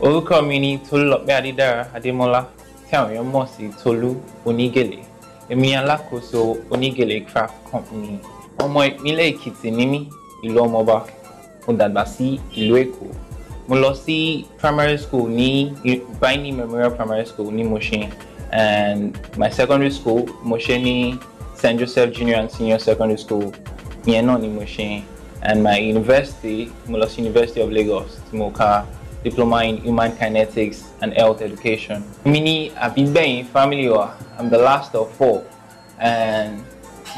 orúkọ mi ni Tolúlọpẹ́ Adédára Adémọ́lá tí àwọn èèyàn mọ̀ sí Tolú Onígèlè èmi alákòóso Onígèlè craft company ọmọ ìpínlẹ̀ Èkìtì ni mí ìlú Ọmọọba mo dàgbà sí ìlú Èkó mo lọ sí primary school ní Binnie Memorial Primary School ní Moshin and my secondary school Moshin ní St Joseph Junior and Senior Secondary School ìyẹn náà ni Moshin and my university mo lọ sí University of Lagos tí mo kà diploma in human kinetics and health education. Mini Abigbeyin family wa I'm the last of four and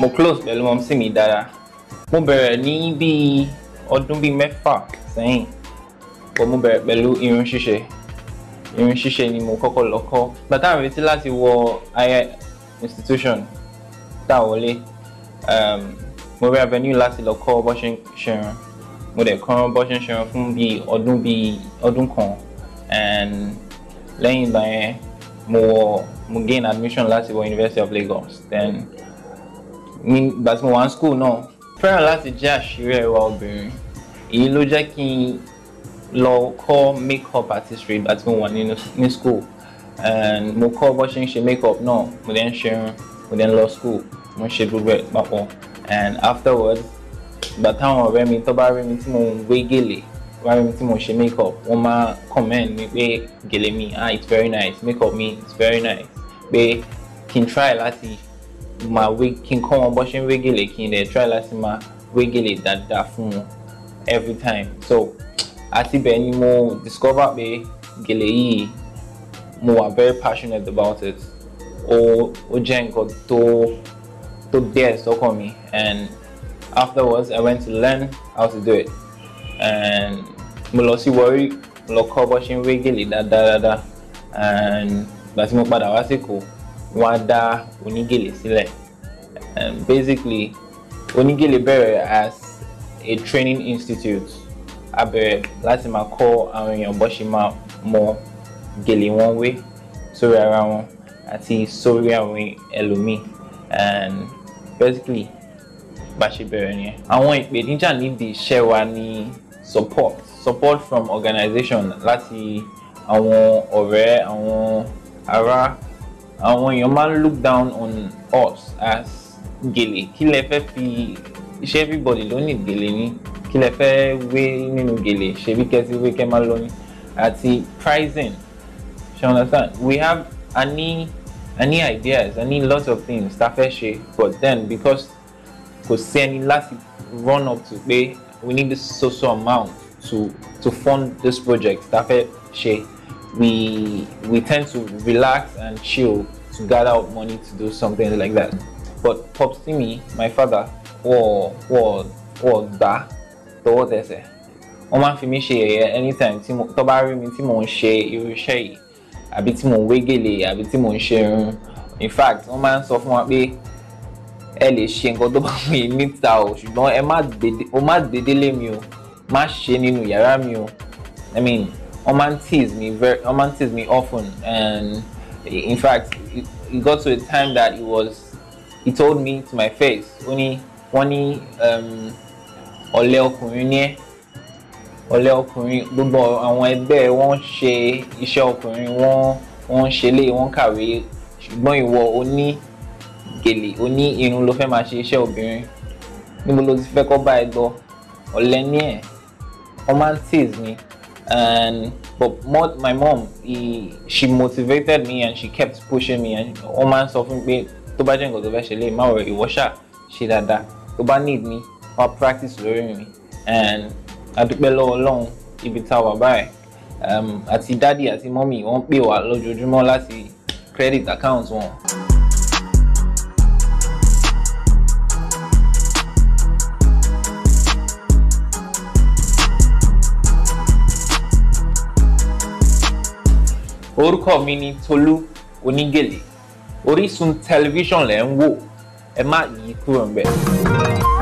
mo close belu mọ̀ sí mi dára. Mo bẹ̀rẹ̀ ni bi ọdún bíi mẹ́fà sẹ́yìn bọ́ mo bẹ̀rẹ̀ pẹ̀lú irun ṣíṣe irun ṣíṣe ni mo kọ́kọ́ lọ kọ́. Bàtà mi retí láti wọ institution tá a Um mo rí avenue láti lọ kọ́ bó ṣe mo dẹ̀ kọ́ bó ṣe ń ṣe fún bí ọdún bí ọdún kan and lẹ́yìn ìgbà yẹn mo mo gain admission láti wọ University of Lagos then ní ìgbà tí mo wà ní school náà fẹ́ràn láti jẹ́ àṣírí ẹwà obìnrin èyí ló jẹ́ kí n lọ kọ́ make up artistry ìgbà tí mo wà ní school and mo kọ́ bó ṣe ń ṣe make up náà mo dẹ̀ ń ṣerun mo dẹ̀ ń lọ school mo ń ṣe gbogbo ẹ̀ papọ̀ and afterwards ìgbà táwọn ọ̀rẹ́ mi tó bá rí mi tí mo ń wé gèlè bá rí mi tí mo ṣe make up wọ́n máa comment mi pé gèlè mi ah it's very nice make up mi it's very nice pé kí n try láti máa wé kí n kọ́ wọn bó ṣe ń wé gèlè kí n dẹ̀ try láti máa wé gèlè dáadáa fún wọn every time so àti bẹ́ẹ̀ ni mo discover pé gèlè yìí mo wà very passionate about it ó ó jẹ́ nǹkan tó tó dé sọ́kàn mi and afterwards I went to learn how to do it and mulosi lọ sí Warri mo da da, bó ṣe and ìgbà tí mo padà wá síkò wọ́n and basically onígèlè bere as a training institute a bẹ̀rẹ̀ láti máa kọ́ àwọn èèyàn bó ṣe máa mọ gèlè wọn ara wọn àti sórí àwọn ẹlòmíì and basically bá ṣe bẹ̀rẹ̀ nìyẹn. àwọn ìpèníjà níbi iṣẹ́ wa ni support support from organization láti àwọn ọ̀rẹ́ àwọn ará àwọn èèyàn máa ń look down on us as gèlè kí lẹ fẹ́ fi iṣẹ́ everybody ló ní gèlè ní kí lẹ fẹ́ wé nínú gèlè ṣebí kẹ́sí wé kẹ́ máa lóyún àti pricing ṣe understand we have a ní a ní ideas a ní lots of things tá a fẹ́ ṣe but then because kò sẹ́ni láti run up to pé we need this so so amount to to fund this project tá fẹ́ ṣe we we tend to relax and chill to gather up money to do something like that but pop to me my father wọ́ọ̀ wọ́ọ̀ wọ́ọ̀ da, tọwọ́ tẹsẹ̀ wọ́n máa ń fi mí ṣe ẹ̀yẹ anytime tí tó bá rí mi tí mò ń ṣe irú iṣẹ́ yìí àbí tí mò ń wé gèlè àbí tí ṣe irun in fact wọ́n máa ń sọ fún wa pé ẹ lè ṣe nǹkan tó bá wù yín níta o ṣùgbọ́n ẹ má dédé lé mi o má ṣe nínú yàrá mi o i mean wọ́n máa ń tease me very wọ́n máa ń tease me often and in fact it, it got to a time that it was he told me to my face ó ní wọ́n ní um, ọ̀lẹ ọkùnrin ní ẹ́ ọ̀lẹ ọkùnrin gbogbo àwọn ẹgbẹ́ wọ́n ṣe iṣẹ́ ọkùnrin wọ́n wọ́n ṣe lé wọ́n kàwé ṣùgbọ́n ìwọ o ní gèlè o ní irun ló fẹ́ máa ṣe iṣẹ́ obìnrin níbo ló ti fẹ́ kọ́ bá ẹ lọ ọ̀lẹ́ ní ẹ̀ romances ni and but more, my mom he, she motivated me and she kept pushing me and wọ́n máa ń sọ fún mi pé tó bá jẹ́ nǹkan tó fẹ́ ṣe lè má wọ̀ ìwọ ṣá ṣe dáadáa tó bá need me wá practice lórí mi and adúpẹ́ lọ́wọ́ ọlọ́run ibi tá a wà báyìí um, àti dádì àti mọ́mì wọ́n pè wá lójoojúmọ́ láti credit account wọn. orúkọ mi ni Tolú Onígèlè Orísun tẹlifíṣàn lẹ ń wò ẹ má yí kúrò ń bẹ̀.